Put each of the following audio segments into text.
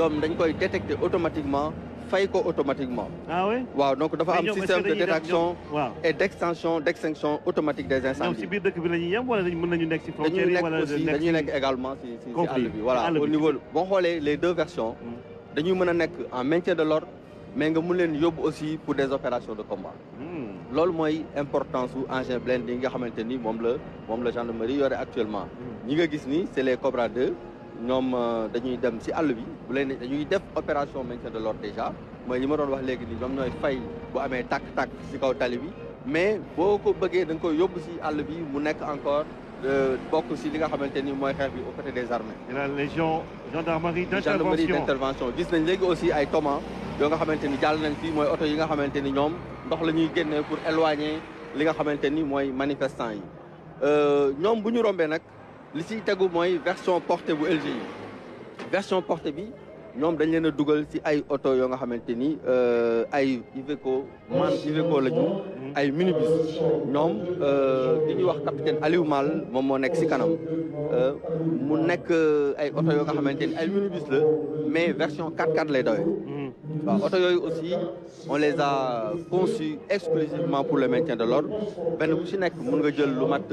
l'homme est détecté automatiquement fay automatiquement. ah oui waaw donc dafa am système de détection et d'extinction d'extinction automatique des incendies. Donc, si biir dëkk bi la ñuy yem wala mën nekk si wala nekk aussi dañuy nekk également si si si voilà au niveau boo les deux versions. Mm. dañuy mën nekk en maintien de l'ordre mais nga mun leen aussi pour des opérations de combat. Mm. Lool moy importance ou engin blindé yi nga xamanteni mom moom la moom la gendarmerie yoré actuellement. Mm. ñi nga gis ni c'est les Cobra 2 ñoom euh, dañuy dem ci àll bi bu leen dañuy def opération maintien de l'ordre déjà mais yi ma doon wax léegi ni ñoom ñooy fay bu amee tàkk-tàkk si kaw tali bi mais boo ko bëggee da nga koy yóbbu si àll bi mu nekk encore euh, bokk si li nga xamante ni mooy xeex bi au côté des armées. de la légion gendarmerie d'intervention gis nañ léegi aussi ay toman yoo nga xamante ni jàll nañ fii mooy oto yi nga xamante ni ñoom ndox la ñuy génnee pour éloigner li nga xamante ni mooy manifestant yi euh, ñoom bu ñu rombee nag. L'ici siy moy version portée LG version portée ñoom dañ leen a dugal ci ay oto yoo nga xamante ni euh, ay Iveco man Iveco la ñu ay minibus ñoom euh, ki ñuy wax capitaine Aliou Mal moom moo nekk ci kanam euh, mu nekk ay oto yoo nga xamante ni ay minibus la mais version 4x4 lay doy hmm. waaw oto yooyu aussi on les a conçus exclusivement pour le maintien de l'ordre benn ku ci nekk mun nga jël lu mat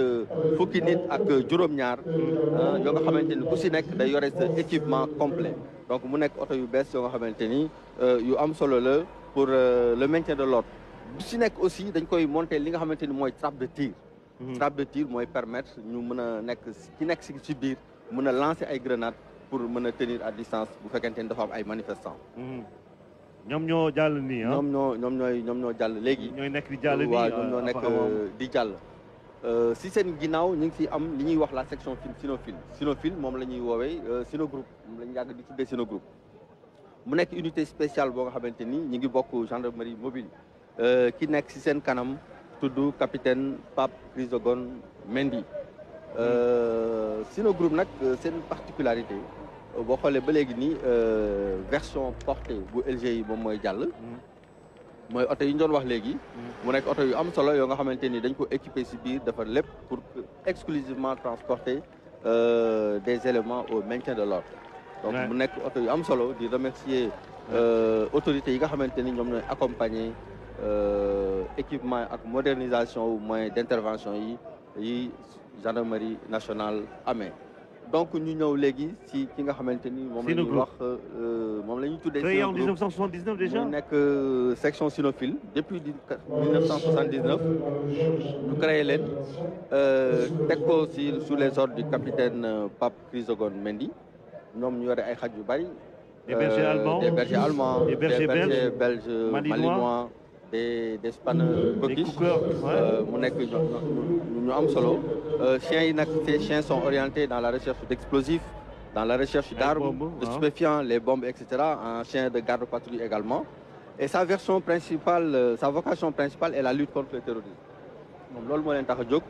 fukki nit ak juróom-ñaar hmm. yoo nga xamante ni ku ci nekk day yore sa équipement complet donc mu nekk oto yu bees yoo nga xamante ni euh, yu am solo la pour euh, le maintien de l'ordre bu si nekk aussi dañ koy monter li nga xamante ni mooy trappe de tir mhm. trappe de tir mooy permettre ñu mën a nekk ci nekk si ci biir mën a lancer ay grenades pour mën a tenir à distance bu fekkente ni dafa am ay manifestants mhm. ñoom ñoo jàll nii ah ñoom ñoo ñoom ñooy ñoom ñoo jàll léegi ñooy nekk di jàll nii waaw ñoom ñoo ah, nekk euh, di jàll euh, si c'est ginnaaw ñu ngi am li ñuy wax la section film Cinofil Cinofil moom la ñuy woowee Cinogroupe euh, moom la ñu yàgg di tuddee Cinogroupe mu nekk unité spéciale bon, nga maintenir, nous ñu ngi bokk gendarmerie mobile euh, ki nekk si seen kanam tudd capitaine Pape Chrysogone Mendy Cinogroupe nag une particularité boo xoolee ba léegi ni version portée bu LG bon, moom mooy moy auto yi ñu doon wax léegi. Mm. mu nekk auto yu am solo yoo nga xamante ni dañ ko équipé si biir defar lépp pour exclusivement transporter euh, des éléments au maintien de l'ordre donc mu nekk auto yu am solo di remercier euh, autorités yi nga xamante ni ñoom ñooy accompagner euh, équipement ak modernisation moyens d'intervention yi yi gendarmerie nationale amee donc nous sommes léegi ci ki nga xamante ni moom wax euh, en 1979 déjà mu nekk euh, section synophile, depuis 1979 ñu créé l'aide, nous euh, ko ci sous les ordres du capitaine Pape Chrysogon Mendy nous avons yore ay xaj allemands des bergers allemands des bergers belges malinois des des chiens ces chiens sont orientés dans la recherche d'explosifs dans la recherche d'armes de hein. stupéfiants les bombes etc. un chien de garde patrouille également et sa version principale euh, sa vocation principale est la lutte contre le terrorisme hmm.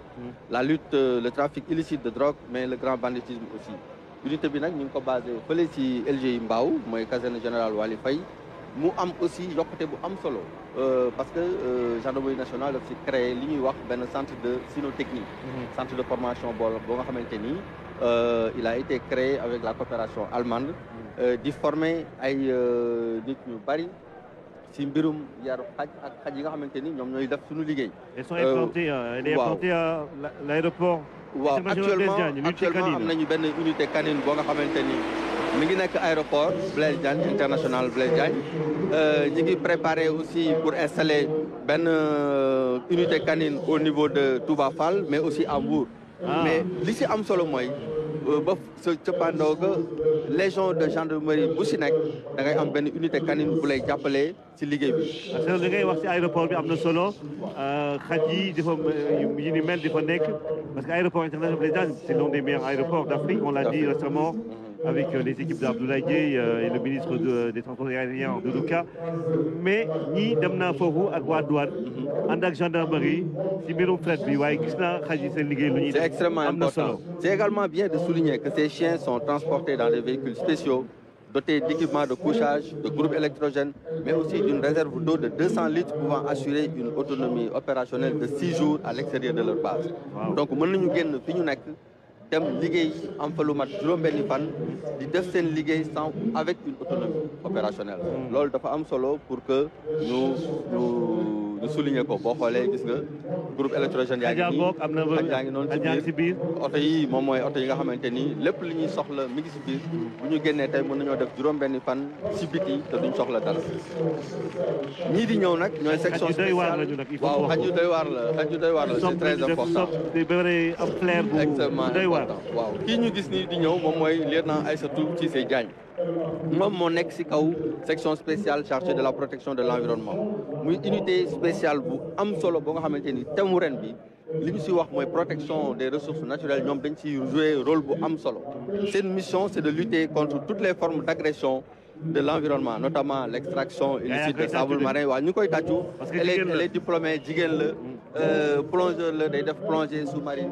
la lutte euh, le trafic illicite de drogue mais le grand banditisme aussi unité bi L'unité ko caserne générale nous am aussi yokkute bu solo euh, parce que euh, gendarmerie nationale créé li centre de mhm. centre de formation nga euh, il a été créé avec la coopération allemande mhm. di former ay nit ñu bari si mbirum xaj ak sont à l'aéroport. actuellement unité canine mi ngi à aéroport Blaise Diagne international Blaise Diagne euh, ñi ngi préparé aussi pour installer une euh, unité canine au niveau de Touba Fall mais aussi à Mbour ah. mais ici, si am solo mooy euh, ba de gendarmerie Boussinec nek, nekk da ngay am unité canine pour lay jàppalee ci liggéey bi. parce que ngay wax ci aéroport bi solo xaj yi mel di fa parce que aéroport international Blaise Diagne c'est l'un des meilleurs aéroports d'Afrique on l'a dit récemment mm-hmm avec euh, les équipes d'Abdoulaye euh, et le ministre des Transports aériens de Mais il dem naa mhm. ak gendarmerie ci mbirum fret bi gis C'est extrêmement important. C'est également bien de souligner que ces chiens sont transportés dans des véhicules spéciaux dotés d'équipements de couchage, de groupes électrogènes, mais aussi d'une réserve d'eau de 200 litres pouvant assurer une autonomie opérationnelle de 6 jours à l'extérieur de leur base. Donc, nous avons dem liguey am fa lu mat juróom-benni fan di def seen liggéey sans avec une autonomie opérationnelle hmm. loolu dafa am solo pour que nous nous nga souligner ko boo xoolee gis nga groupe électrogène yaa ngi nii ak yaa ngi noonu ci biir oto yi moom mooy oto yi nga xamante ni lépp li ñuy soxla mi ngi si biir bu ñu génnee tey mën nañoo def juróom benni fan si biti te duñ soxla dara ñii di ñëw nag ñooy section spéciale waaw xaj yu doy waar la xaj yu doy waar la c'est très important exactement important waaw kii ñu gis nii di ñëw moom mooy lieutenant Aïssatou Cissé Diagne Moi, mon ex section spéciale chargée de la protection de l'environnement. Une unité spéciale bu am solo train nga protection des ressources naturelles cette rôle mission c'est de lutter contre toutes les formes d'agression de l'environnement notamment l'extraction illicite de sable marin Nous avons koy les diplômés, les sous marins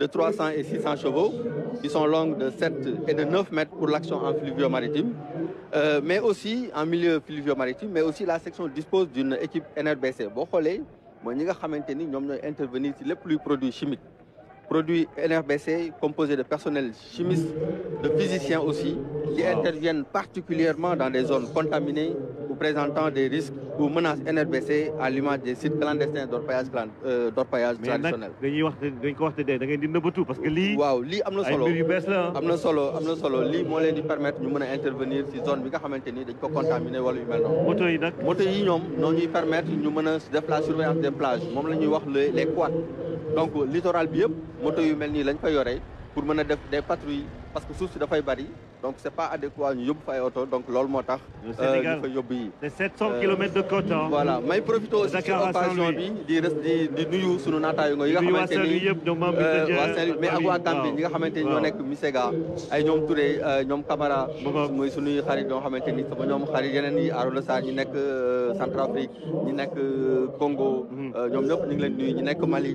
de 300 et 600 chevaux, qui sont longues de 7 et de 9 mètres pour l'action en fluvio-maritime, euh, mais aussi en milieu fluvio-maritime, mais aussi la section dispose d'une équipe NRBC. Bon, nous avons intervenir sur les plus produits chimiques produit NRBC composé de personnel chimistes, de physiciens aussi, qui interviennent particulièrement dans des zones contaminées ou présentant des risques ou menaces NRBC à l'image des sites clandestins d'orpaillage clan, euh, traditionnel. dañuy wax dañ ko wax te da ngeen di nëbbatu parce que lii. waaw lii am solo ay solo ah. am solo lii moo leen di permettre ñu mën a intervenir si zone bi nga xamante ni dañ ko contaminé wala mel moto yi moto yi ñuy permettre ñu mën la surveillance des plages moom la wax les les donc littoral bi yëpp moto yu mel nii lañ fa yore pour mën a def des patrouilles parce que suuf si dafay bari donc c'est pas adéquat ñu yóbbu fa ay oto donc loolu moo tax. Euh, ñu fa yóbbu yi. c'est 700 euh, kilomètres de côte hein. voilà may profité aussi ci occasion bi di res di di nuyu sunu naataango yi nga xamante ni euh, waa Saint-Louis mais ak waa Gambie ñi nga xamante ni ñoo nekk Misega ay ñoom Touré ñoom Camara. muy sunuy xarit ñoo xamante ni sama ñoom xarit yeneen yi Arouna Sarr ñi nekk Centrafrique ñi nekk Congo. Mhm. ñoom ñëpp ñu ngi leen nuyu ñi nekk Mali.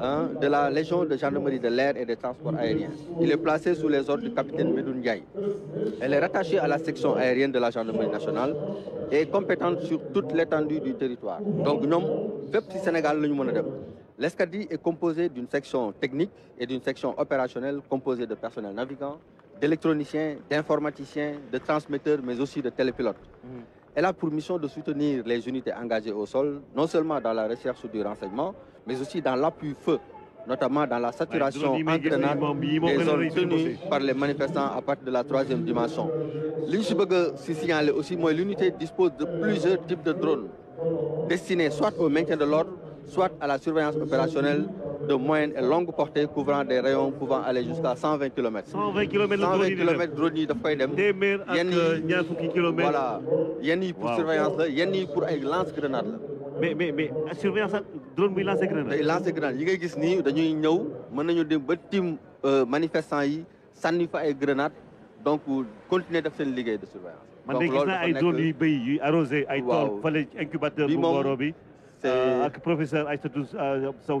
Hein, de la Légion de gendarmerie de l'air et des transports aériens. Il est placé sous les ordres du capitaine Medoun Ndiaye. Elle est rattachée à la section aérienne de la gendarmerie nationale et compétente sur toute l'étendue du territoire. Donc, nous, petit Sénégal, L'escadie est composée d'une section technique et d'une section opérationnelle composée de personnels navigants, d'électroniciens, d'informaticiens, de transmetteurs, mais aussi de télépilotes. Mmh. Elle a pour mission de soutenir les unités engagées au sol, non seulement dans la recherche du renseignement, mais aussi dans l'appui feu, notamment dans la saturation entraînante des zones tenues par les manifestants à partir de la troisième dimension. aussi, l'unité dispose de plusieurs types de drones destinés soit au maintien de l'ordre, soit à la surveillance opérationnelle de moyenne et euh, longue portée couvrant des rayons pouvant aller jusqu'à 120 km. 120 km 120 drone il daf koy dem. téeméer ak euh, ñaar Il voilà yenn yi pour surveillance la yenn yi pour ay lance-grenade mais mais mais surveillance drone il lance-grenade. day lance-grenade yi a gis nii dañuy ñëw mën nañu dem des petits euh, manifestants, yi sànni fa ay grenades donc continuer faire une ligue de surveillance. man de a naa ay drone yu arrosé ay incubateur bu Mboro bi. le professeur Aïssatou Sow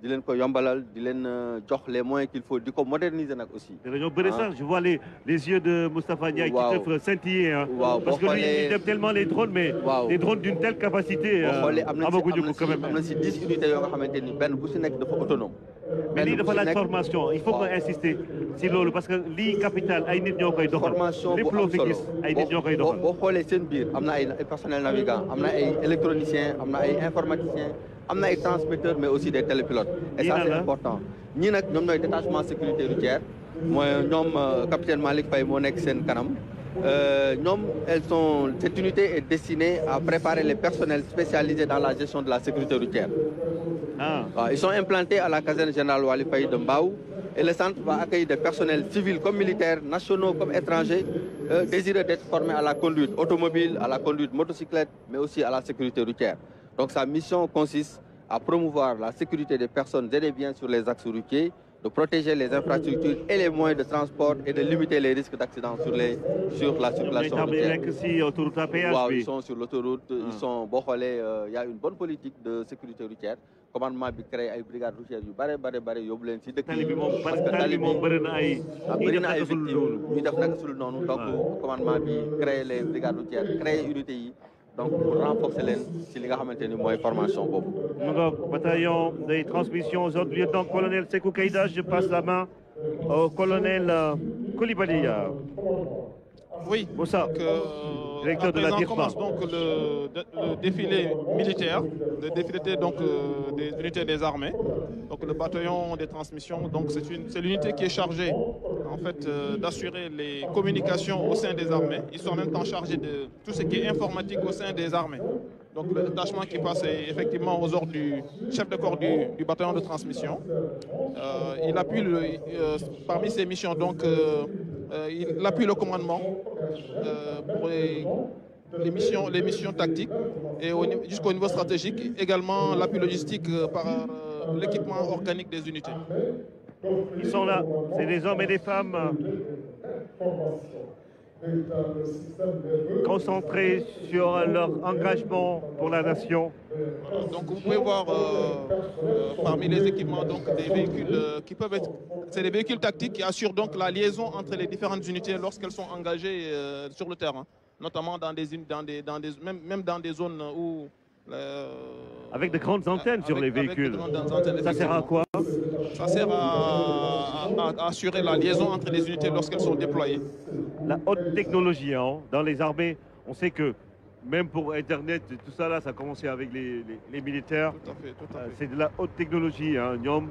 di leen ko yombalal di euh, jox les moyens qu'il faut diko moderniser nak aussi. dañoo sax ah. je vois les les yeux de Mustapha Ndiaye. qui peuvent scintiller hein. parce que lui il aime tellement les drones mais. les drones d'une telle capacité. Euh, amna ko quand même am na si unités yo nga xamanteni ben bu ci nek dafa autonome. mais li dafa la formation il faut qu'on insister si lolu parce que li capital ay nit ñokay doxal. formation bu am solo ay nit ñokay doxal. boo xolé seen biir ay personnel navigant amna ay électroniciens amna ay informaticiens. On a des transmetteurs mais aussi des télépilotes et ça c'est important Nous avons ñom détachement sécurité routière mooy ñom euh, capitaine Malik Faye Monek nek euh, elles sont cette unité est destinée à préparer les personnels spécialisés dans la gestion de la sécurité routière. Ah. Ils sont implantés à la caserne générale Wali Faye de et le centre va accueillir des personnels civils comme militaires, nationaux comme étrangers, euh, désireux d'être formés à la conduite automobile, à la conduite motocyclette, mais aussi à la sécurité routière. Donc sa mission consiste à promouvoir la sécurité des personnes et des biens sur les axes routiers, de protéger les infrastructures et les moyens de transport et de limiter les risques d'accidents sur, sur la circulation routière. ils sont sur l'autoroute, ils ah. sont boholés, il euh, y a une bonne politique de sécurité routière. commandement a créé une brigade routière yu bare bare bare Yoblen, si dëkk qui bi moom na ay ah, def donc ah. commandement bi créé les brigades routières créé une UTI donc pour renforcer les ci li nga maintenu moins formation Nous bataillon des transmissions aujourd'hui lieutenant-colonel Sekou Keïda je passe la main au colonel euh, Koulibaly. Euh. oui Donc, euh, directeur de la DIRPA commence donc le, défilé militaire le défilé donc euh, des unités des armées donc le bataillon des transmissions donc c'est l'unité qui est chargée en fait, euh, d'assurer les communications au sein des armées. Ils sont en même temps chargés de tout ce qui est informatique au sein des armées. Donc le détachement qui passe effectivement aux ordres du chef de corps du, bataillon de transmission. Euh, il appuie euh, parmi ses missions, donc il appuie le commandement pour les missions tactiques et jusqu'au niveau stratégique, également l'appui logistique par l'équipement organique des unités. Ils sont là, c'est des hommes et des femmes concentrés sur leur engagement pour la nation. donc vous pouvez voir euh, euh, parmi les équipements donc, des véhicules euh, qui peuvent être... C'est des véhicules tactiques qui assurent donc la liaison entre les différentes unités lorsqu'elles sont engagées sur le terrain, notamment dans des, dans des, dans des, même dans des zones où euh, avec de grandes antennes sur les véhicules. ça sert à quoi Ça sert à, assurer la liaison entre les unités lorsqu'elles sont déployées. La haute technologie, hein, dans les armées, on sait que même pour Internet, tout ça là, ça a commencé avec les, militaires. Euh, c'est de la haute technologie. Hein. Nyom,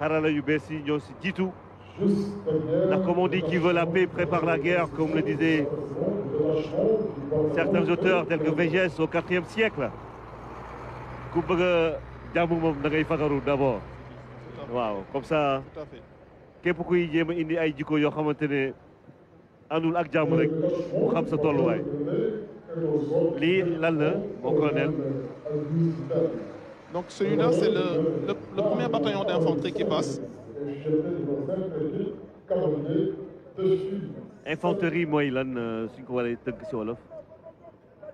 Harala Yubesi, Nyom, dit tout. comme on dit, qui veut la paix prépare la guerre, comme le disaient certains auteurs tels que Végès au IVe siècle ku bëgg a jàmm moom da ngay fagaru d'abord waaw comme ça képp kuy jéem a indi ay jikko yoo xamante ne àndul ak jàmm rek mu xam sa tolluwaay lii lan la mon colonel donc celui-là c'est le, le, le premier bataillon d'infanterie qui passe infanterie mooy lan euh, suñ ko waree tëgg si wolof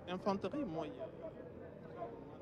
infanterie mooy euh,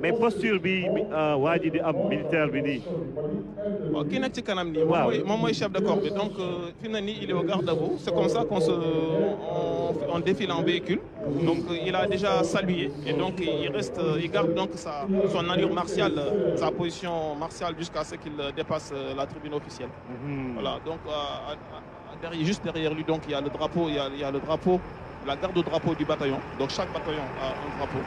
mais posture bi euh, di am militaire bi ni moi je suis ci kanam chef de corps donc euh, il est au garde à vous C'est comme ça qu'on se on, défile en véhicule. donc euh, il a déjà salué et donc il reste il garde donc sa son allure martiale sa position martiale jusqu'à ce qu'il dépasse la tribune officielle. Mhm. voilà donc juste derrière lui donc il y a le drapeau il y a, il y a le drapeau la garde au drapeau du bataillon donc chaque bataillon a un drapeau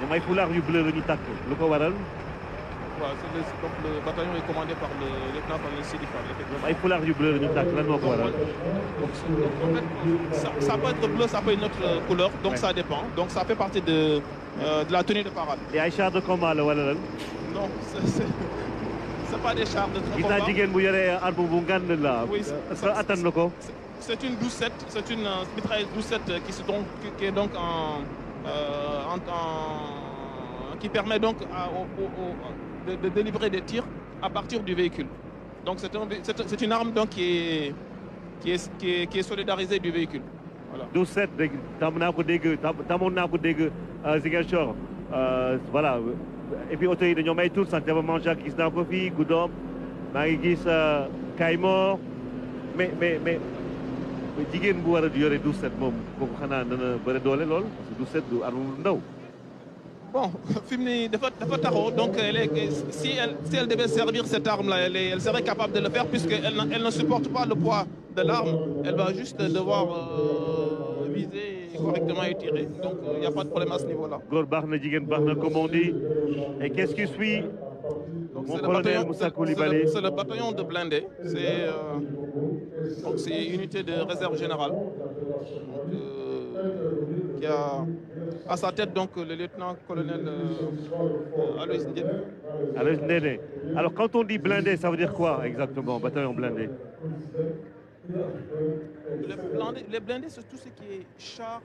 ñoom ay fulaar yu bleu la ñu tàkk lu ko waral. waaw c'est le donc le bataillon est commandé par le lieutenant colonel Sidi Fall effectivement. ay yu bleu ñu tàkk lan moo waral. donc en ça, peut être bleu ça peut être une autre euh, couleur. donc ouais. ça dépend donc ça fait partie de euh, de la tenue de parade. et ay chars de combat la wala non c'est c'est c'est pas des chars de combat. gis naa jigéen bu yore arme bu ngand la. oui est c'est une 12-7 c'est une euh, mitrailleuse 12-7 euh, qui se qui est donc en. Euh, en, en, qui permet donc à, au, au, de, de, délivrer des tirs à partir du véhicule. Donc c'est un, une arme donc qui est, qui est, qui est, qui est solidarisée du véhicule. Voilà. D'où cette euh, euh, voilà et puis autorité de ñoom ay tur sant développement Jacques gis naa ko fii Goudomp maa ngi gis Kaymor mais mais mais mais jigéen bu war a yore du set moom kooku xanaa dana bëri doole lool parce que du set du arme bu ndaw. bon fi mu ne dafa dafa taxaw donc elle est, si elle si elle devait servir cette arme là elle, elle serait capable de le faire puisque elle, elle ne supporte pas le poids de l'arme elle va juste devoir euh, viser correctement et tirer donc euh, il euh, n'y a pas de problème à ce niveau là. góor baax na jigéen baax comme on dit et qu'est-ce qui suit. donc c'est le bataillon c'est le bataillon de blindés c'est. Euh, donc c'est une unité de réserve générale euh, qui a à sa tête donc le lieutenant-colonel euh, Alois Alors quand on dit blindé, ça veut dire quoi exactement, bataillon blindé Les blindés, c'est tout ce qui est char,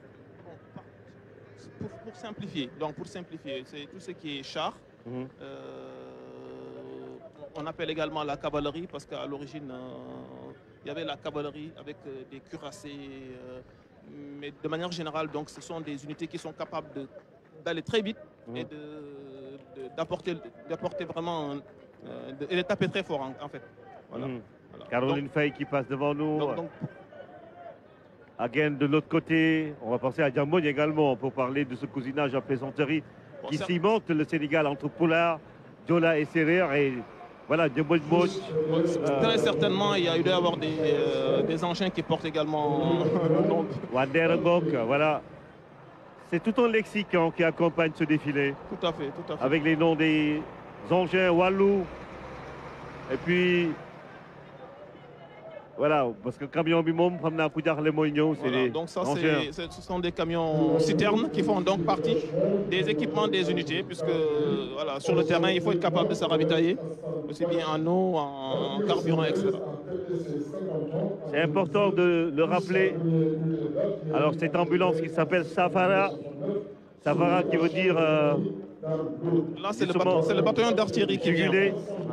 pour, simplifier, donc pour simplifier, c'est tout ce qui est char. Mhm. Euh, on appelle également la cavalerie parce qu'à l'origine, il y avait la cavalerie avec euh, des cuirassés. Euh, mais de manière générale, donc, ce sont des unités qui sont capables d'aller très vite mmh. et d'apporter d'apporter vraiment. Euh, et de taper très fort, en, fait. Voilà. Mmh. Caroline qui passe devant nous. Donc, donc, Again de l'autre côté. On va penser à Diamond également pour parler de ce cousinage à plaisanterie qui cimente le Sénégal entre Poulard, Dola et Serrer. Voilà, de bonnes euh, Très certainement, il y a eu d'avoir des, euh, des engins qui portent également le nom. voilà. C'est tout un lexique qui accompagne ce défilé. Tout à fait, tout à fait. Avec les noms des engins Wallou, et puis voilà, parce que camion bimom monde, à à les moignons, c'est des donc ça ce sont des camions citernes qui font donc partie des équipements des unités puisque voilà sur le terrain il faut être capable de se ravitailler aussi bien en eau en carburant etc. C'est important de le rappeler. Alors cette ambulance qui s'appelle Safara, Safara qui veut dire euh, Là, c'est le, le, bataillon d'artillerie qui vient.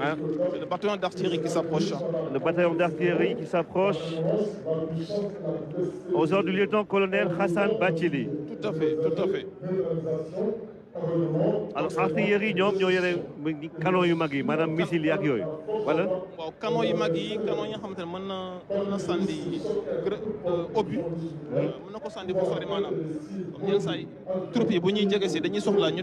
Hein le bataillon d'artillerie qui s'approche. Le bataillon d'artillerie qui s'approche aux ordres du lieutenant-colonel Hassan Bachili. Tout à fait, tout à fait. alors artillerie nous, ñoom ñoo yore canon yu magie, yi maanaam missile yi wala. waaw canon yu canon nga xamante ne On na euh, obus. Hmm. Euh, mën comme yenn saa troupes troupe dañuy soxla ñu.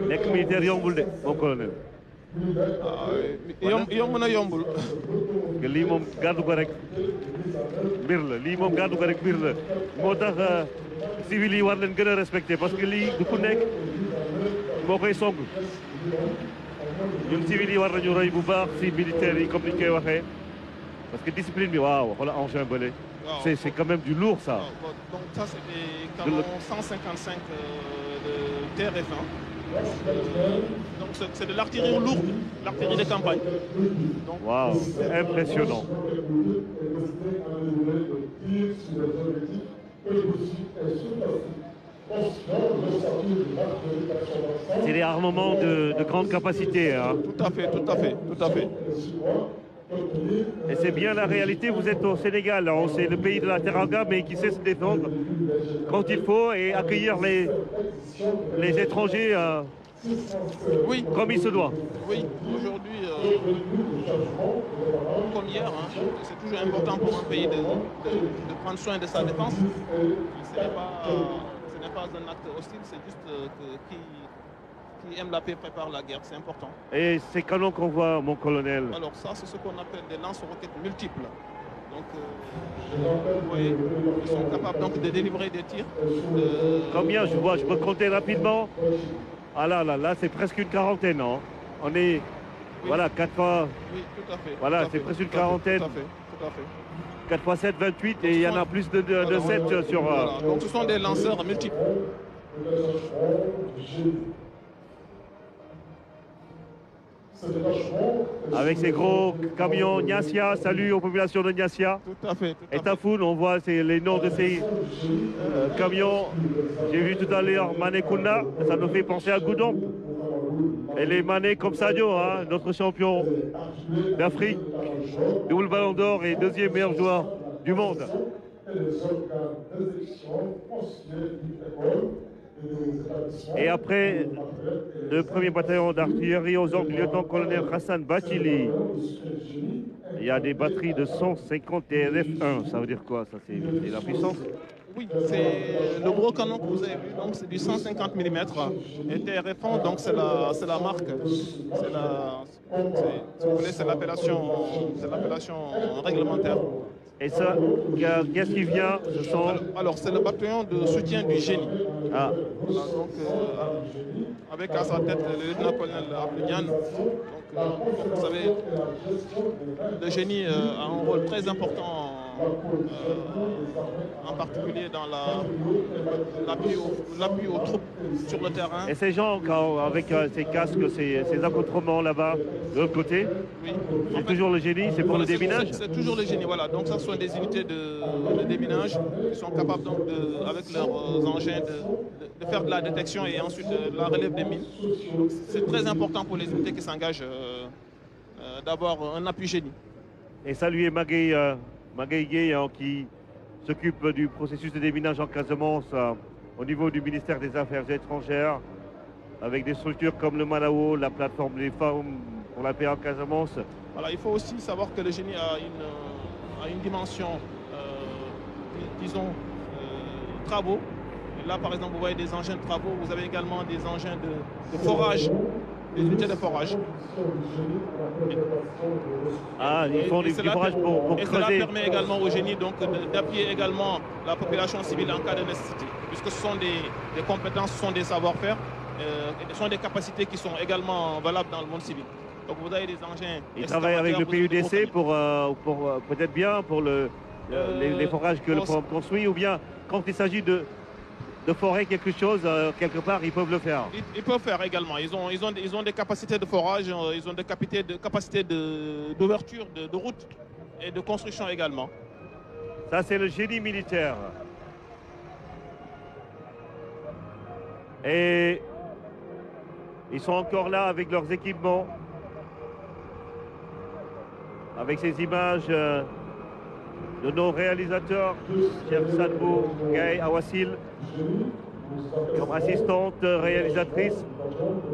nek militaire yombul de moom colonel. Ah, yom yomb na yombul. li mom gàddu ko rek mbir la lii moom gàddu ko rek mbir la moo tax euh, civil yi war len gëna respecter parce que li du ku nek bokay koy song ñun civil yi war nañu roy bu baax si militaire yi comme ni koy waxee parce que discipline bi waaw xoola engin bële. c'est c'est quand même du lourd ça. donc ça c'est des 155 de TRF1. Donc c'est de l'artillerie lourde, l'artillerie de campagne. Waouh, impressionnant. C'est des armements de, de grande capacité. Hein. Tout à fait, tout à fait, tout à fait. Et c'est bien la réalité, vous êtes au Sénégal, hein. c'est le pays de la Teranga, mais qui sait se défendre quand il faut et accueillir les, les étrangers euh, comme il se doit. Oui, aujourd'hui, comme euh, hier, hein. c'est toujours important pour un pays de, prendre soin de sa défense. Ce n'est pas, un acte hostile, c'est juste euh, que. qu'il la paix, prépare la guerre, c'est important. Et ces canons qu'on voit, mon colonel Alors ça, c'est ce qu'on appelle des lance-roquettes multiples. Donc, euh, vous voyez, ils sont capables donc de délivrer des tirs. Euh, Combien je vois Je peux compter rapidement Ah là, là, là, c'est presque une quarantaine, non On est, voilà, 4 fois... Oui, tout à fait. Voilà, c'est presque une quarantaine. Tout à fait, tout à fait. 4 fois 7, 28, et il y en a plus de, de, 7 sur... Euh, donc, ce sont des lanceurs multiples. avec ses gros camions. Niasia, salut aux populations de Niasia. Tout à fait. et Tafoun, on voit les noms de ces euh, camions. J'ai vu tout à l'heure Kouna, ça nous fait penser à Goudon. Et les Mané comme Sadio, hein, notre champion d'Afrique, double ballon d'or et deuxième meilleur joueur du monde. Et après, le premier bataillon d'artillerie aux ordres lieutenant-colonel Hassan Batili. Il y a des batteries de 150 TRF1. Ça veut dire quoi Ça, c'est la puissance oui, c'est le gros canon que vous avez vu, donc c'est du 150 mm. Et TRF1, donc c'est la, la marque. C'est si vous voulez, c'est l'appellation, c'est l'appellation réglementaire. Et ça, qu'est-ce qui vient alors c'est le bataillon de soutien du génie. Ah. donc, euh, avec à sa tête le lieutenant-colonel Donc, euh, vous savez, le génie euh, a un rôle très important euh, en particulier dans l'appui aux, troupes sur le terrain. Et ces gens, avec euh, ces casques, ces, ces accoutrements là-bas, de l'autre côté, oui. c'est toujours le génie, c'est pour le déminage C'est toujours le génie, voilà. Donc ça, ce sont des unités de, déminage qui sont capables, donc, avec leurs euh, engins, de, faire de la détection et ensuite de la relève des mines. C'est très important pour les unités qui s'engagent d'avoir un appui génie. Et saluer Magui Magaïgué hein, qui s'occupe du processus de déminage en Casamance hein, au niveau du ministère des Affaires étrangères, avec des structures comme le Malawo, la plateforme des femmes pour la paix en Casamance. il faut aussi savoir que le génie a une, euh, dimension, euh, disons, euh, travaux. Là, par exemple, vous voyez des engins de travaux, vous avez également des engins de forage des unités de forage. Ah, ils font et, forage pour, et cela permet également au génie donc d'appuyer également la population civile en cas de nécessité, puisque ce sont des, compétences, ce sont des savoir-faire, euh, ce sont des capacités qui sont également valables dans le monde civil. Donc vous avez des engins. Ils travaillent avec le PUDC pour, euh, pour euh, peut-être bien pour le, les, forages que le construit, ou bien quand il s'agit de de forer quelque chose euh, quelque part, ils peuvent le faire. Ils, peuvent faire également. Ils ont, ils, ont, ils ont des capacités de forage, euh, ils ont des capacités de, capacités d'ouverture de, route et de construction également. Ça, c'est le génie militaire. Et ils sont encore là avec leurs équipements, avec ces images euh, de nos réalisateurs, James Sadbo, Gay Awasil comme assistante réalisatrice.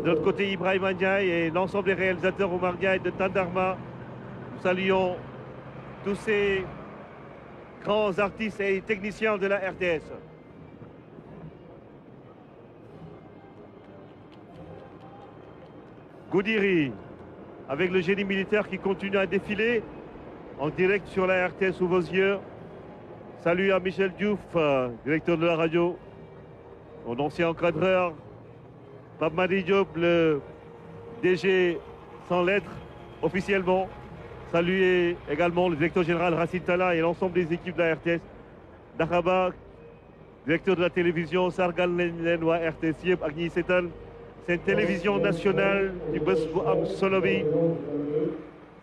De notre côté, Ibrahim Ndiaye et l'ensemble des réalisateurs Omar et de Tandarma. Nous saluons tous ces grands artistes et techniciens de la RTS. Goudiri, avec le génie militaire qui continue à défiler en direct sur la RTS sous vos yeux. Salut à Michel Diouf, euh, directeur de la radio, mon ancien encadreur, Pape le DG sans lettres, officiellement. Salut également le directeur général Racine Tala et l'ensemble des équipes de la RTS. Dakhaba, directeur de la télévision, Sargal Lenwa RTS Yep, Agni Setal, C'est une télévision nationale du Bosphore Solovi.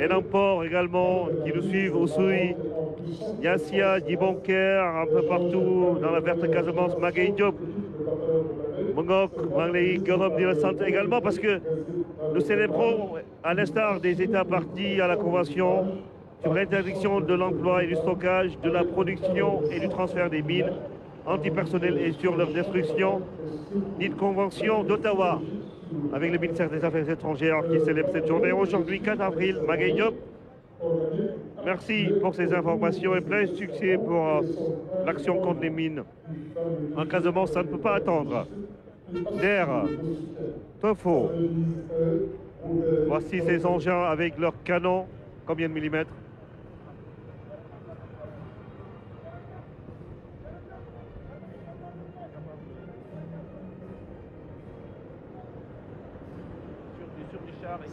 et l'emport également qui nous suivent au aussi. Yassia, Dibonker, un peu partout dans la verte Casamance, Magé Diop, Mongok, Manglei, Gorom, également parce que nous célébrons, à l'instar des États partis à la Convention, sur l'interdiction de l'emploi et du stockage, de la production et du transfert des mines antipersonnelles et sur leur destruction, ni convention d'Ottawa avec le ministère des Affaires étrangères qui célèbre cette journée aujourd'hui, 4 avril. Magayop, merci pour ces informations et plein de succès pour euh, l'action contre les mines. En casement, ça ne peut pas attendre. D'air, Tofo, voici ces engins avec leurs canons. Combien de millimètres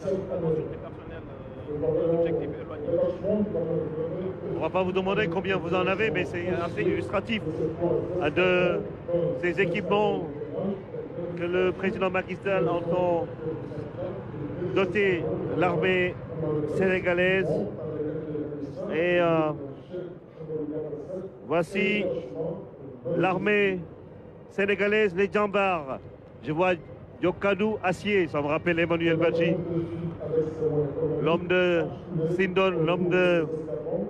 On ne va pas vous demander combien vous en avez, mais c'est assez illustratif de ces équipements que le président Macky Sall entend doter l'armée sénégalaise. Et euh, voici l'armée sénégalaise, les jambards. Je vois Yokadu Acier, ça me rappelle Emmanuel Baji. l'homme de Sindon, l'homme de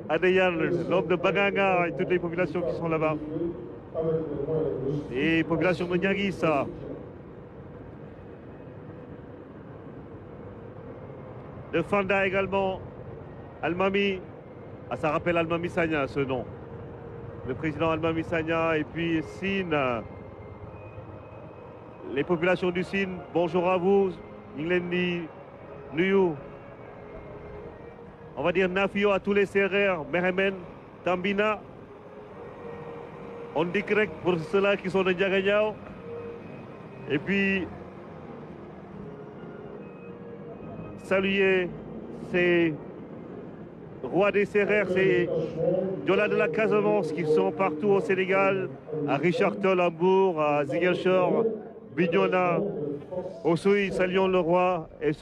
Adeyan, l'homme de Baganga et toutes les populations qui sont là-bas. Et population de Nyangui, ça. De Fanda également, Almami. Ah, ça rappelle Almami Sanya, ce nom. Le président Almami Sanya et puis Sine les populations du Sine, bonjour à vous. Ninglendi, Nuyu. On va dire Nafio à tous les serrères, Mehemen, Tambina. On dit pour ceux-là qui sont de Et puis, saluer ces rois des serrères, ces Diola de la Casamance qui sont partout au Sénégal, à Richard tolambourg à Hambourg, Bignona, Osui, Salion le roi et et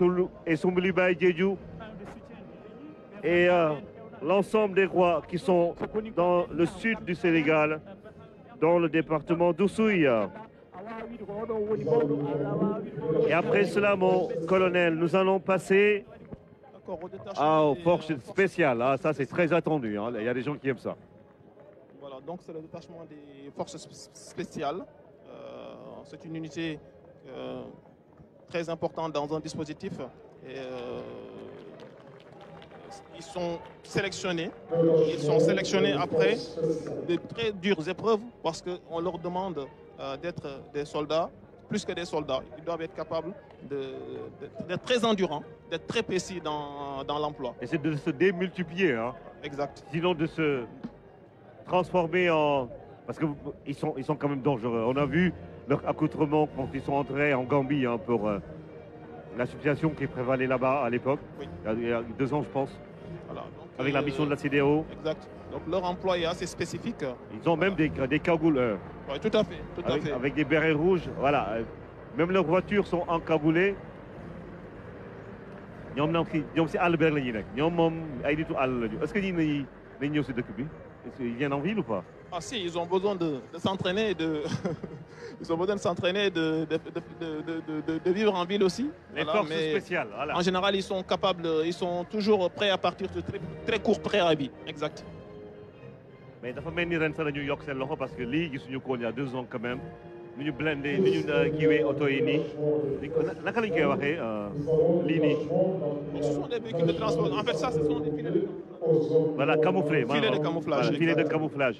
et euh, l'ensemble des rois qui sont dans le sud du Sénégal, dans le département d'Osui. Et après cela, mon colonel, nous allons passer aux forces spéciales. Ah, ça, c'est très attendu. Hein. Il y a des gens qui aiment ça. Voilà, donc c'est le détachement des forces spéciales c'est une unité euh, très importante dans un dispositif. Euh, ils sont sélectionnés. Ils sont sélectionnés après de très dures épreuves parce qu'on leur demande euh, d'être des soldats, plus que des soldats. Ils doivent être capables d'être très endurants, d'être très précis dans, l'emploi. Et c'est de se démultiplier. Hein. Exact. Sinon de se transformer en... Parce qu'ils sont, ils sont quand même dangereux. On a vu leur accoutrement quand ils sont entrés en Gambie hein, pour euh, la situation qui prévalait là-bas à l'époque, il, y a deux ans je pense, avec la mission de la euh, CDO. Exact. Donc leur emploi est assez spécifique. Euh, ils ont même des, des cagoules. oui, tout à fait. avec, des bérets rouges, voilà. Même leurs voitures sont encaboulées est-ce que en ville ou pas ah si, ils ont besoin de, de s'entraîner, de ils ont besoin de s'entraîner, de, de, de, vivre en ville aussi. Les voilà, forces spéciales. Voilà. En général, ils sont capables, ils sont toujours prêts à partir de très, très court préavis. Exact. mais dafa mel ni ren sax New York seen loxo parce que lii ils ko woon il y a deux ans quand même ni ñu blindé ni ñu euh, kiiwee oto yi nii naka lañ koy waxee euh, lii nii. ce sont des véhicules de transport en fait ça ce sont des filets de. voilà camouflé. filets de camouflage filets de camouflage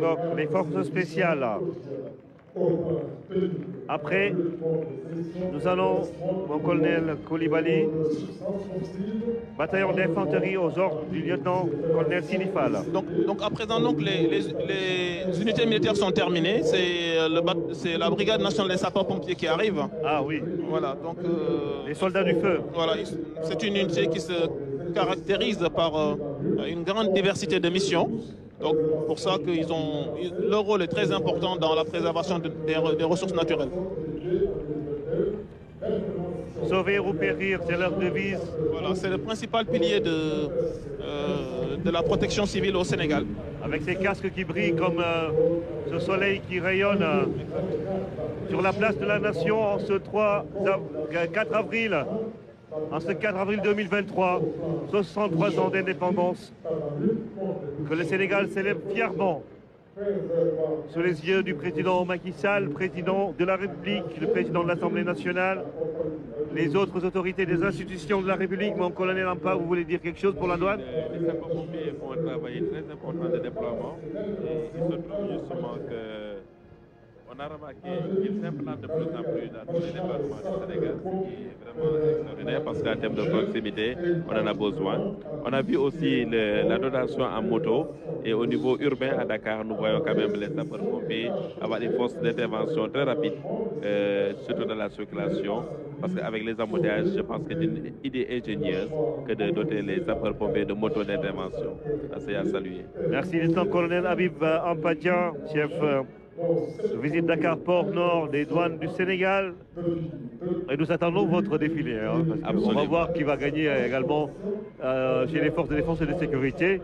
dañuy les forces spéciales après, nous allons, au colonel Koulibaly, bataillon d'infanterie aux ordres du lieutenant-colonel Sinifal. Donc, donc à présent, donc, les, unités militaires sont terminées. Euh, c'est la brigade nationale des sapeurs-pompiers qui arrive. Ah oui. Voilà, donc... Euh, les soldats du feu. Voilà, c'est une unité qui se caractérise par euh, une grande diversité de missions. Donc, pour ça, qu'ils ont, leur rôle est très important dans la préservation des, ressources naturelles. Sauver ou périr, c'est leur devise. Voilà, c'est le principal pilier de, euh, de la protection civile au Sénégal. Avec ces casques qui brillent comme euh, ce soleil qui rayonne euh, sur la place de la nation en ce 3, 4 avril en ce 4 avril 2023, 63 ans d'indépendance, que le Sénégal célèbre fièrement sous les yeux du président Macky Sall, président de la République, le président de l'Assemblée nationale, les autres autorités des institutions de la République. Mon colonel Ampa, vous voulez dire quelque chose pour la douane euh, Les travail très important de déploiement on a remarqué qu'il s'implante de plus en plus dans tous les départements du Sénégal, ce qui est vraiment extraordinaire parce qu'en termes de proximité, on en a besoin. On a vu aussi la dotation en moto et au niveau urbain à Dakar, nous voyons quand même les sapeurs-pompiers avoir des forces d'intervention très rapides, euh, surtout dans la circulation, parce qu'avec les embouteillages, je pense que c'est une idée ingénieuse que de doter les sapeurs-pompiers de motos d'intervention. C'est à saluer. Merci, lieutenant-colonel Habib Ampadian, chef. Euh, visite Dakar Port Nord des douanes du Sénégal. Et nous attendons votre défilé. Hein, on va voir qui va gagner également euh, chez les forces de défense et de sécurité.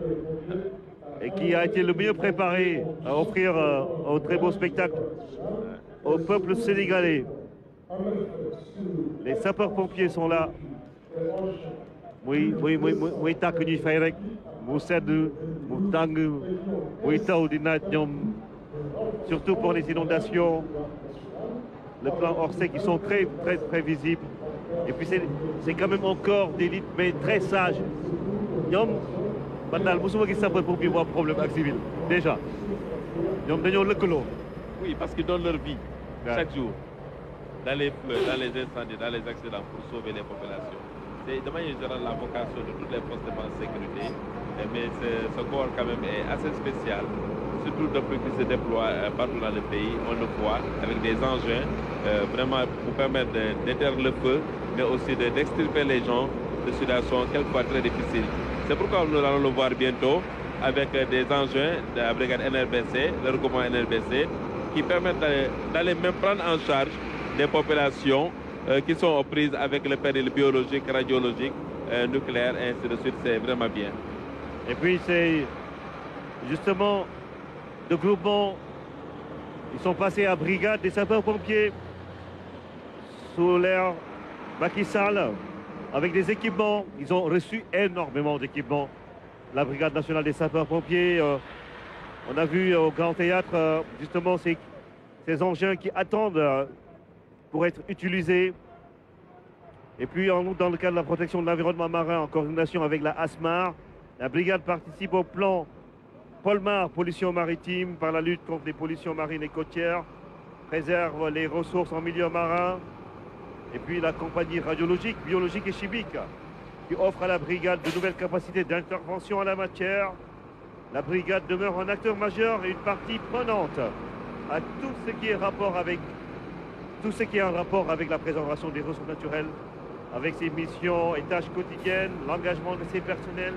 Et qui a été le mieux préparé à offrir euh, un très beau spectacle au peuple sénégalais. Les sapeurs-pompiers sont là. Oui, oui, oui, oui, surtout pour les inondations, le plan Orsay qui sont très, très prévisibles. Et puis c'est quand même encore d'élite, mais très sage. Yom, maintenant, vous savez suma ça pour vivre un problème civil déjà donnez-nous le lëkkaloo. oui parce qu'ils donnent leur vie. chaque jour dans les feux, dans les incendies dans les accidents pour sauver les populations. c'est de manière générale la vocation de toutes les forces de sécurité mais ce corps quand même est assez spécial surtout depuis qui se déploient euh, partout dans le pays, on le voit avec des engins euh, vraiment pour permettre d'éteindre le feu, mais aussi d'extirper les gens de situations quelquefois très difficiles. C'est pourquoi nous allons le voir bientôt avec euh, des engins de la brigade NRBC, le regroupement NRBC, qui permettent d'aller même prendre en charge des populations qui sont aux prises avec le péril biologique, radiologique, nucléaire, et ainsi de suite. C'est vraiment bien. Et puis, c'est justement de groupement. Ils sont passés à brigade des sapeurs-pompiers sous l'air Macky avec des équipements. Ils ont reçu énormément d'équipements. La brigade nationale des sapeurs-pompiers, euh, on a vu au Grand Théâtre euh, justement ces, engins qui attendent euh, pour être utilisés. Et puis en dans le cadre de la protection de l'environnement marin en coordination avec la ASMAR, la brigade participe au plan Polmar, pollution maritime, par la lutte contre les pollutions marines et côtières, préserve les ressources en milieu marin. Et puis la compagnie radiologique, biologique et chimique, qui offre à la brigade de nouvelles capacités d'intervention en la matière. La brigade demeure un acteur majeur et une partie prenante à tout ce qui est rapport avec tout ce qui est en rapport avec la préservation des ressources naturelles, avec ses missions et tâches quotidiennes, l'engagement de ses personnels,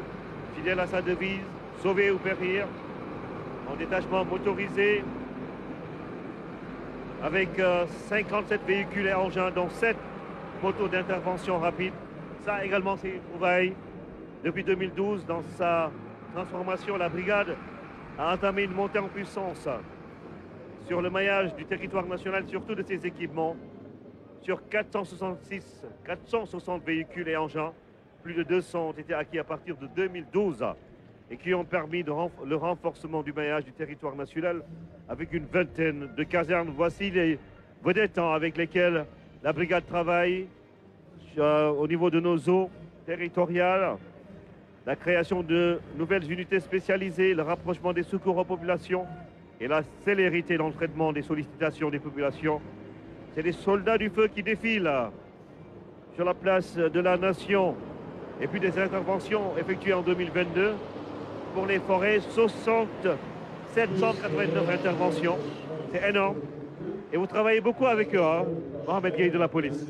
fidèle à sa devise, Sauver ou périr, en détachement motorisé, avec 57 euh, véhicules et engins, dont 7 motos d'intervention rapide. Ça également, c'est une trouvaille. Depuis 2012, dans sa transformation, la brigade a entamé une montée en puissance sur le maillage du territoire national, surtout de ses équipements, sur 466, 460 véhicules et engins. Plus de 200 ont été acquis à partir de 2012 et qui ont permis le renforcement du maillage du territoire national avec une vingtaine de casernes. Voici les vedettes hein, avec lesquelles la brigade travaille euh, au niveau de nos eaux territoriales, la création de nouvelles unités spécialisées, le rapprochement des secours aux populations et la célérité dans le traitement des sollicitations des populations. C'est les soldats du feu qui défilent sur la place de la nation et puis des interventions effectuées en 2022 pour les forêts, 789 interventions. C'est énorme. Et vous travaillez beaucoup avec eux, hein Mohamed Gueye de la police.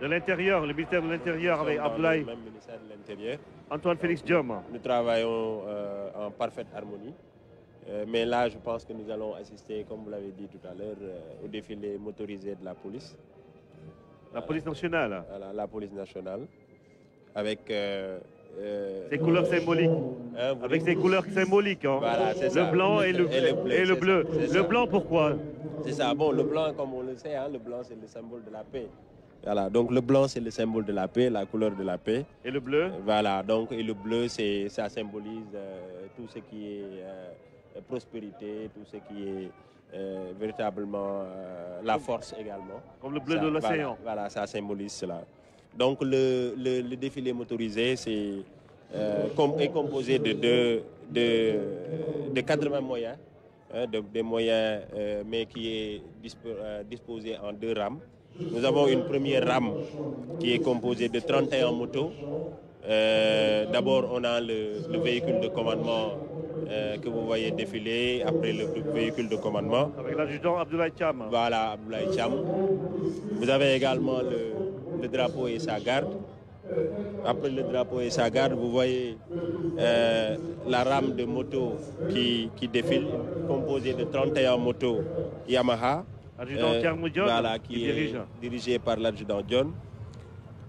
De l'intérieur, le ministère de l'Intérieur avec Abdoulaye. Antoine Félix Diom. Nous travaillons euh, en parfaite harmonie. Euh, mais là, je pense que nous allons assister, comme vous l'avez dit tout à l'heure, euh, au défilé motorisé de la police. La police nationale. Voilà, la police nationale. Avec ces euh, couleurs symboliques. Euh, avec ces couleurs symboliques. Hein. le blanc et le, et bleu. le, blanc, pourquoi C'est ça. Bon, le blanc, comme on le sait, hein, le blanc, c'est le symbole de la paix. Voilà, donc le blanc, c'est le symbole de la paix, la couleur de la paix. Et le bleu Voilà, donc, et le bleu, c'est, ça symbolise euh, tout ce qui est prospérité, tout ce qui est véritablement la force également. Comme le bleu de l'océan. voilà, ça symbolise cela. Donc le, défilé motorisé euh, est composé de, de, de 80 moyens, hein, des moyens euh, mais qui est euh, disposé en deux rames. Nous avons une première rame qui est composée de 31 motos. D'abord, on a le, véhicule de commandement que vous voyez défiler, après le véhicule de commandement. Avec l'adjudant Abdoulaye Cham. Voilà, Abdoulaye Cham. Vous avez également le, le drapeau et sa garde. Après le drapeau et sa garde, vous voyez euh, la rame de moto qui, qui, défile, composée de 31 motos Yamaha. Euh, qui, est par l'adjudant John.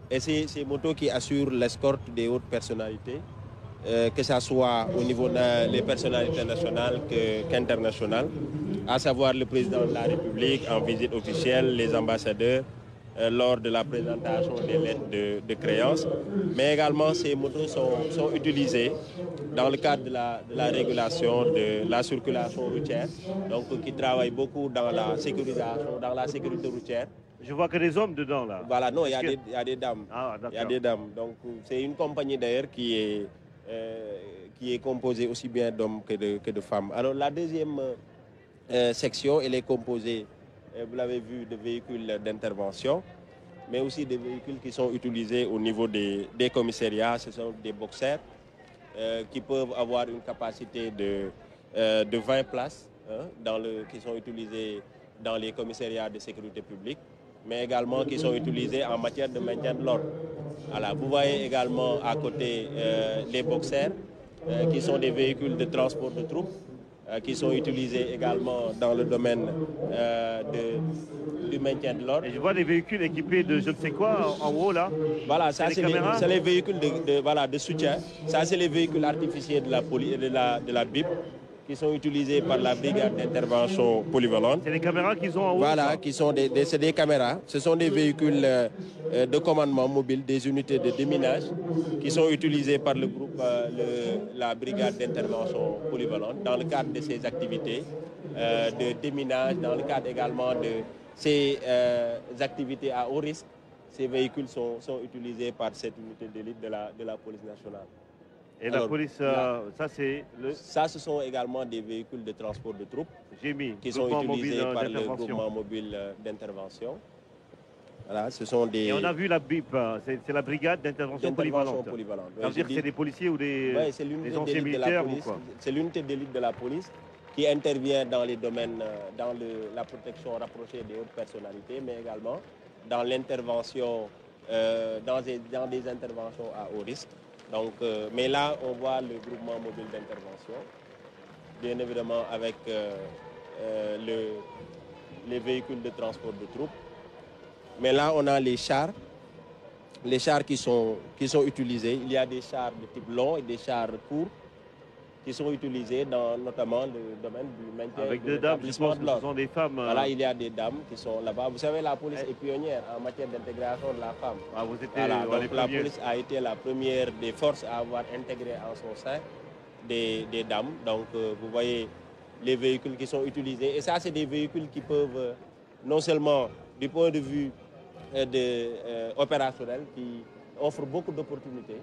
Et c'est ces motos qui assurent l'escorte des hautes personnalités, euh, que ce soit au niveau des personnalités nationales qu'internationales, à savoir le président de la République en visite officielle, les ambassadeurs, euh, lors de la présentation des lettres de, de créance. Mais également, ces motos sont, sont utilisées dans le cadre de la, de la, régulation de la circulation routière, donc qui travaillent beaucoup dans la dans la sécurité routière. Je vois que des hommes dedans là. Voilà, non, il y, y, a des dames. Ah, il y a des dames. Donc c'est une compagnie d'ailleurs qui est euh, qui est composée aussi bien d'hommes que de, que de femmes. Alors la deuxième euh, section, elle est composée vous l'avez vu, des véhicules d'intervention, mais aussi des véhicules qui sont utilisés au niveau des, commissariats, ce sont des boxers euh, qui peuvent avoir une capacité de, 20 euh, places hein, qui sont utilisés dans les commissariats de sécurité publique, mais également qui sont utilisés en matière de maintien de l'ordre. Voilà, vous voyez également à côté euh, les boxers, euh, qui sont des véhicules de transport de troupes euh, qui sont utilisés également dans le domaine euh, du maintien de l'ordre. Je vois des véhicules équipés de je ne sais quoi en haut là. Voilà, ça c'est les, véhicules de, soutien. Ça c'est les véhicules artificiels de la, de la, de la BIP qui sont utilisés par la brigade d'intervention polyvalente. C'est des caméras qu'ils ont Voilà, qui sont des, caméras. Ce sont des véhicules euh, euh, de commandement mobile, des unités de déminage qui sont utilisées par le groupe, euh, la brigade d'intervention polyvalente dans le cadre de ces activités de déminage, dans le cadre également de ces activités à haut risque. Ces véhicules sont, utilisés par cette unité d'élite de la police nationale. Et la police, euh, ça c'est le... Ça, ce sont également des véhicules de transport de troupes qui sont utilisés euh, par le groupement mobile euh, d'intervention. Voilà, ce sont des... Et on a vu la BIP, hein. c'est la brigade d'intervention polyvalente. polyvalente. à dire que c'est des policiers ou des, des anciens militaires de C'est l'unité d'élite de la police qui intervient dans les domaines, dans la protection rapprochée des hautes personnalités, mais également dans l'intervention, dans des interventions à haut risque. Euh, mais là, on voit le groupement mobile d'intervention, bien évidemment avec euh, euh, le, les véhicules de transport de troupes. Mais là, on a les chars, les chars qui sont, qui sont utilisés. Il y a des chars de type long et des chars courts qui sont utilisés dans notamment le domaine du maintien. Avec des dames, je ce sont des femmes. Voilà, euh. il y a des dames qui sont là-bas. Vous savez, la police eh. est pionnière en matière d'intégration de la femme. Ah, vous étiez voilà, donc la police a été la première des forces à avoir intégré en son sein des, dames. Donc, euh, vous voyez les véhicules qui sont utilisés. Et ça, c'est des véhicules qui peuvent, euh, non seulement du point de vue opérationnel, qui offrent beaucoup d'opportunités,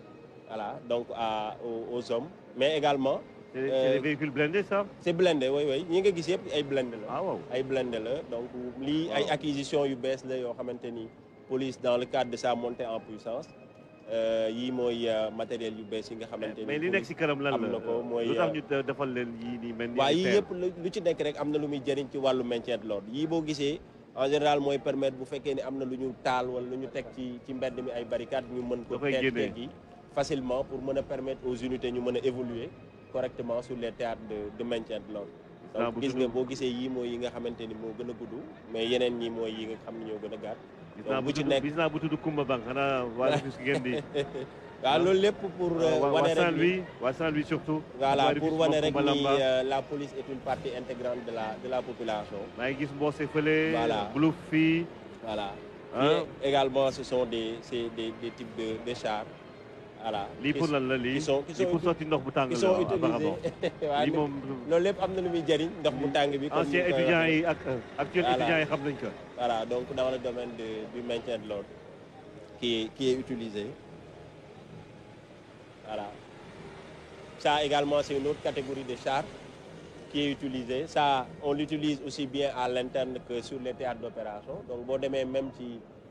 voilà, donc à, aux, hommes, mais également. C'est des euh, véhicules blindés, ça C'est blindé, oui, oui. Nous avons vu que blindé. Ah, wow. blindé. Donc, les ah, wow. acquisitions UBS, la police, dans le cadre de sa montée en puissance, euh, yii mooy euh, matériel yu bees yi nga xamante mais li nekk si kanam lan la am na ko mooy lu tax ñu defal leen yii nii mel ni waaw yii yëpp lu ci nekk rek am na lu muy jëriñ ci wàllu maintien de l'ordre yii boo en général mooy permettre bu fekkee ni am na lu ñu taal wala lu ñu teg ci ci mbedd mi ay barricade ñu mën ko teg teg yi facilement pour mën permettre aux unités ñu mën évoluer correctement sur les théâtres de de maintien de l'ordre ah, donc gis nga boo gisee yii mooy yi nga xamante ni moo gën a gudd mais yeneen ñi mooy yi nga xam ñoo gën a gàtt bu ci nekk gis naa bu tudd Kumba Bang di waaw loolu lépp pour euh, wane rek Saint-Louis waa Saint-Louis surtout voilà pour wane rek ni euh, la police est une partie intégrante de la de la population maa ngi gis Mbossé fële voilà Blouf fii voilà ah. également ce sont des c'est des des types de chars voilà donc dans le domaine du maintien de l'ordre qui est qui est utilisé voilà ça également c'est une autre catégorie de char qui est utilisée ça on l'utilise aussi bien à l'interne que sur les théâtres d'opération donc bon, demain, même si...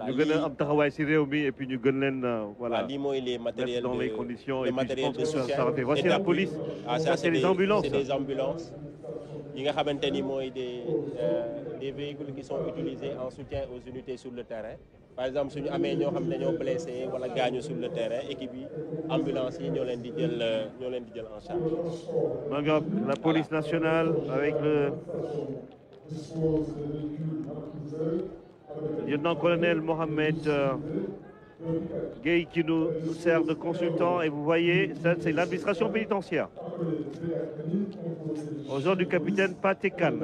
Nous ñu am et puis ñu gën euh, voilà dans les conditions et puis je pense que ça voici la police ah, ça c'est les ambulances c'est des ambulances Il nga a euh, des véhicules qui sont utilisés en soutien aux unités sur le terrain par exemple si nous ñoo xam blessé wala sur le terrain équipe puis ambulance nous ñoo di jël euh, di jël en charge. la police nationale avec le lieutenant-colonel Mohamed euh, Gay qui nous sert de consultant. Et vous voyez, c'est l'administration pénitentiaire. Aux ordres du capitaine Patekan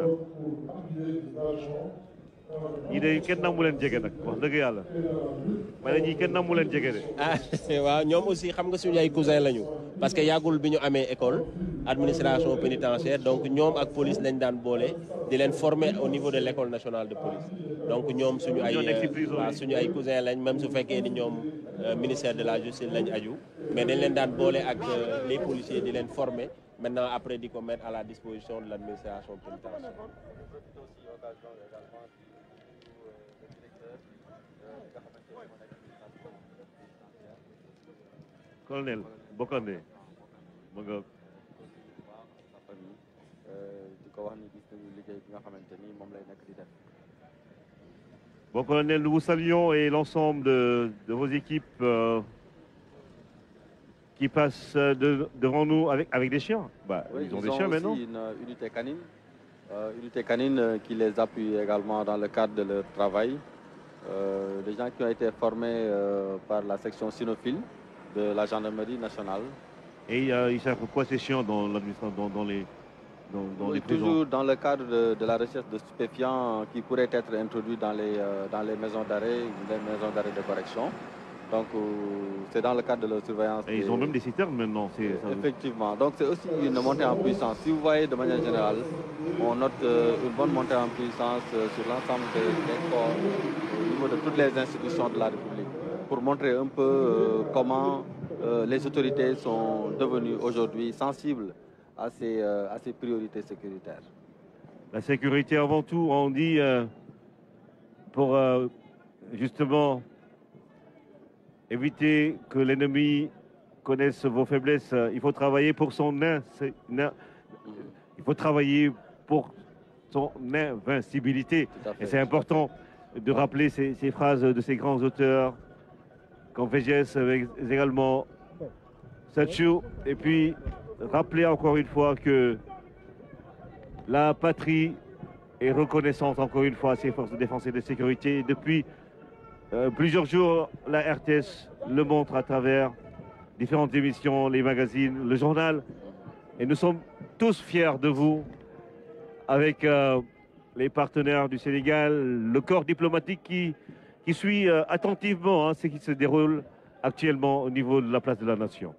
ñii de kenn namu leen jege nag wax dëgg yàlla ma ne ñii kenn namu leen jege de. Ah, waaw ñoom aussi xam nga suñu ay cousin lañu parce que yàggul bi ñu amee école administration pénitentiaire donc ñoom ak police lañ daan boole di leen former au niveau de l' école nationale de police donc ñoom suñu ay euh, waaw suñu ay cousin lañ même su fekkee ni ñoom euh, ministère de la justice lañ aju mais dañ leen daan boole ak euh, les policiers di leen former maintenant après di ko mettre à la disposition de l' administration pénitentiaire colonel bokande Bon colonel, nous vous saluons et l'ensemble de, vos équipes euh, qui passent devant nous avec, avec des chiens. Bah, ils ont des chiens maintenant. Une euh, unité canine, euh, qui les appuie également dans le cadre de leur travail. des gens qui ont été formés par la section sinophile de la gendarmerie nationale. Et euh, il y a une possession dans, l'administration, dans les, dans, prisons. Toujours dans le cadre de, la recherche de stupéfiants qui pourraient être introduits dans les, euh, dans les maisons d'arrêt, les maisons d'arrêt de correction. Donc, euh, c'est dans le cadre de la surveillance. Et ils ont même des citernes maintenant. Effectivement. Donc, c'est aussi une montée en puissance. Si vous voyez de manière générale, on note une bonne montée en puissance sur l'ensemble des, des au niveau de toutes les institutions de la République pour montrer un peu euh, comment euh, les autorités sont devenues aujourd'hui sensibles à ces, euh, à ces priorités sécuritaires. La sécurité avant tout, on dit, pour justement éviter que l'ennemi connaisse vos faiblesses, il faut travailler pour son il faut travailler pour son invincibilité. Et c'est important de rappeler ces phrases de ces grands auteurs VGS, avec également Satchou. Et puis, rappeler encore une fois que la patrie est reconnaissante encore une fois à ses forces de défense et de sécurité. Depuis euh, plusieurs jours, la RTS le montre à travers différentes émissions, les magazines, le journal. Et nous sommes tous fiers de vous avec euh, les partenaires du Sénégal, le corps diplomatique qui qui suit euh, attentivement hein, ce qui se déroule actuellement au niveau de la place de la Nation.